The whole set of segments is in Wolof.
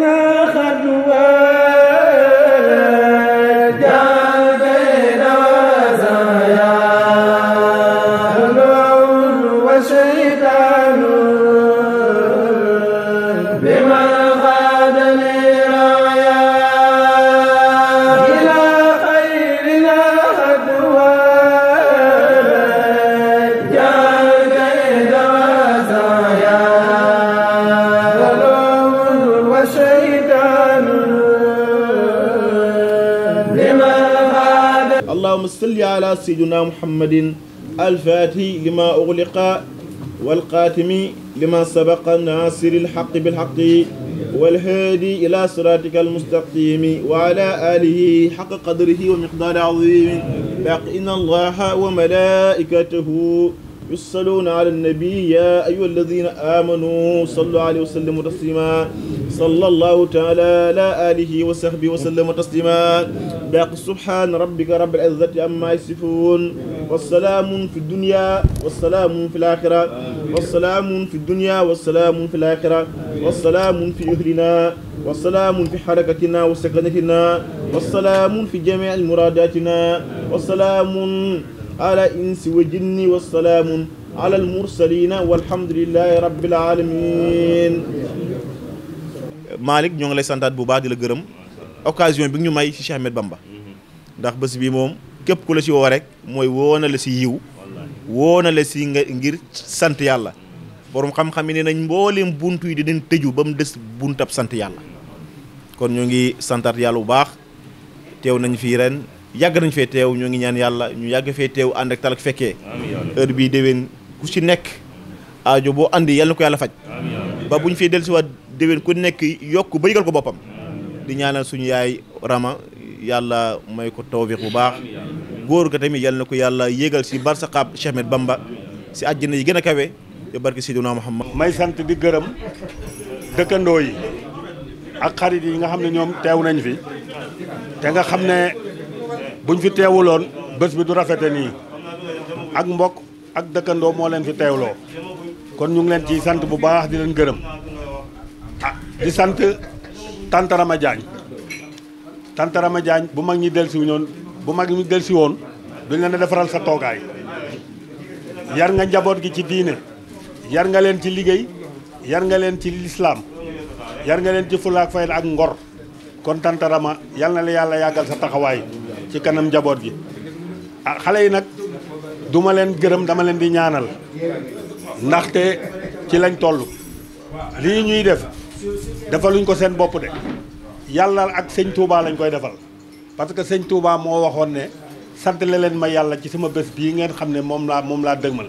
na اللهم صل على سيدنا محمد الفاتح لما أغلق والقاتم لما سبق ناصر الحق بالحق والهادي إلى صراطك المستقيم وعلى آله حق قدره ومقدار عظيم باقي إن الله وملائكته يصلون على النبي يا أيها الذين آمنوا صلوا عليه وسلم تسليما صلى الله تعالى على آله وصحبه وسلم تسليما باق سبحان ربك رب العزة أما يصفون والسلام في الدنيا والسلام في الآخرة والسلام في الدنيا والسلام في الآخرة والسلام في أهلنا والسلام في حركتنا وسكنتنا والسلام في جميع مراداتنا والسلام على إنس وجني والسلام على المرسلين والحمد لله رب العالمين مالك نيون لي سانتات بو باغ لا گرم اوكازيون بي نيو ماي شي شيخ احمد بامبا داخ بس بي موم كيب كولا سي وو رك موي وونا لا سي يو وونا لا سي غير سانت يالا بوروم خام خامي ني ناني مبولم بونتو دي دين تيجو بام دس بونتاب سانت يالا كون نيو غي سانتات يالا بو باخ تيو ناني في رن yàgg nañ fee teew ñoo ngi ñaan yàlla ñu yàgg fee teew ànd ak talak fekkee heure bii déwén ku ci nekk aajo boo andi yàlla na ko yàlla faj ba bu ñu fee dellusiwaat déwén ku nekk yokk ba yëgal ko boppam di ñaanal suñu yaay rama yàlla may ko tawfiq bu baax góor ko tamit yàlla na ko yàlla yéegal si barsaqaab Cheikh Ahmed Bamba si àjjana yi gën a kawe te barke Seydina Muhammad may sant di gërëm dëkkandoo yi ak xarit yi nga xam ne ñoom teew nañ fi te nga xam ne buñ fi téwulon bëss bi du rafété ni ak mbokk ak dëkkandoo mo leen fi téwlo kon ñu ngi leen ci sante bu baax di leen di ah di sant tantarama jaañ tantarama jañ bu mag ñi ci ñoon bu mag ñi ci woon duñ leen defaral sa togaay yar nga njabot gi ci diine yar nga leen ci liggéey yar nga leen ci l'islam yar nga leen ci fulaak fayal ak ngor kon tantarama yal na la yalla yagal sa taxaway ci kanam njaboot gi ah xale yi nag duma leen gërëm dama leen di ñaanal ndaxte ci lañ toll lii ñuy def defaluñ ko seen bopp de yàlla ak sëñ Touba lañ koy defal parce que sëñ Touba moo waxoon ne sant leen ma yàlla ci sama bés bii ngeen xam ne moom laa moom laa dëgmal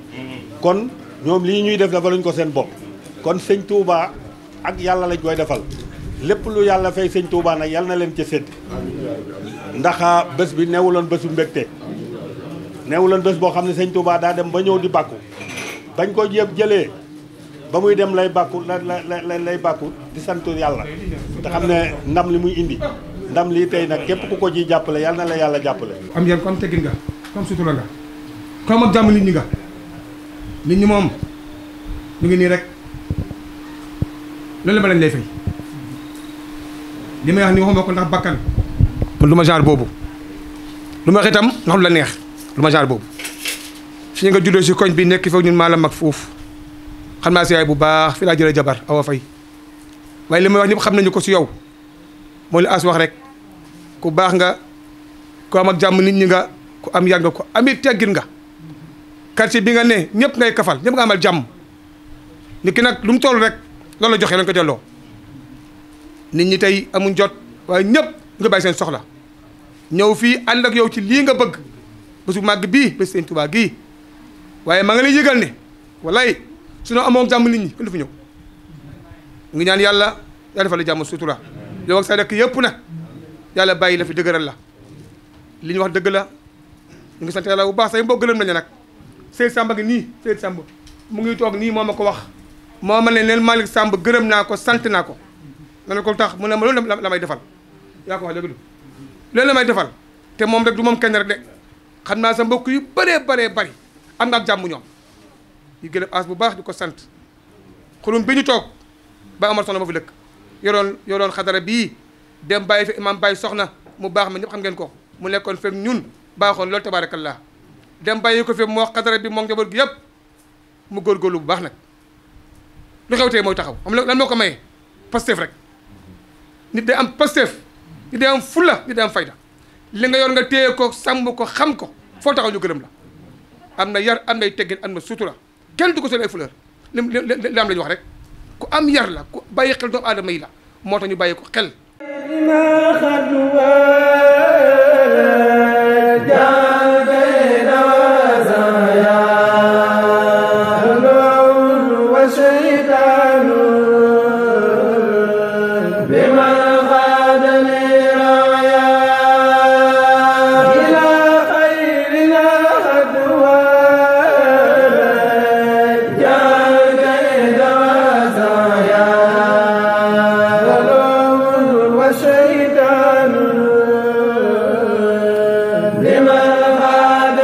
kon ñoom lii ñuy def defaluñ ko seen bopp kon sëñ Touba ak yàlla lañ koy defal lépp lu yàlla fay sëñ Touba nag yàlla na leen ca sédd ndax bés bi newuloon bésu mbégte newuloon bés boo xam ne sañ Touba daa dem ba ñëw di bàkku bañ koo jéem jëlee ba muy dem lay bàkku la la lay bàkku di sant yàlla te xam ne ndam li muy indi ndam lii tey nag képp ku ko ji jàppale yàlla na la yàlla jàppale. am yan kon teggin nga comme sutura nga comme ak jàmm nit ñi nga nit ñi moom mu ngi nii rek loolu ma lañ lay fay li may wax ni waxuma ko ndax bakkan. lu ma genre boobu lu ma wax itam nga xam la neex du ma genre boobu fii nga juddoo si koñ bi nekk foog ñun maa mag foofu xam naa si yaay bu baax fii laa jëlee jabar awa fay waaye li may wax ñëpp xam nañu ko si yow mooy li as wax rek ku baax nga ku am jàmm nit ñi nga ku am yar nga ku amit nga quartier bi nga ne ñëpp ngay kafal ñëpp nga amal jàmm nit ki nag lu mu toll rek loolu la joxe lañ ko delloo nit ñi tey amuñ jot waaye ñëpp nga bàyyi seen soxla ñëw fii ànd ak yow ci lii nga bëgg bésu màgg bii bés seen Tuubaa gii waaye ma nga lay yëgal ne wallaay suñu amoon jàmm nit ñi kenn du fi ñëw ngi ñaan yàlla yaa defal la jàmm sutura yow ak sa dëkk yëpp nag yàlla bàyyi la fi dëgëral la li ñu wax dëgg la ñu ngi sant yàlla bu baax say mbokk gëlëm nañu nag Seydou Samb ngi nii Seydou Samb mu ngi toog nii moom ma ko wax moo ma ne leen Malick sàmb gërëm naa ko sant naa ko ma ne ko tax mu ne ma loolu la may defal yaa ko loolu la may defal te moom rek du moom kenn rek de xam naa sa mbokk yu bëree bëree bëri am na ak jàmm ñoom ñu gërëm as bu baax di ko sant xulum bi ñu toog ba Omar soxna moo fi dëkk yoroon yoroon xadara bii dem bàyyi fi imam bàyyi soxna mu baax ma ñëpp xam ngeen ko mu nekkoon fekk ñun baaxoon loolu tabaarakallah dem bàyyi ko fi moo xadara bi moom njaboot gi yëpp mu góorgóorlu bu baax nag lu xew tey mooy taxaw xam lan moo ko maye Pastef rek nit day am Pastef di dee am fulla di dee am fayda li nga yor nga téye ko sàmm ko xam ko foo taxaw ñu gërëm la am na yar am nay teggin am na sutura kenn du ko seen ay fleur li li am la wax rek ku am yar la ku bàyyi xel doomu aadama yi la moo tax ñu bàyyi ko xel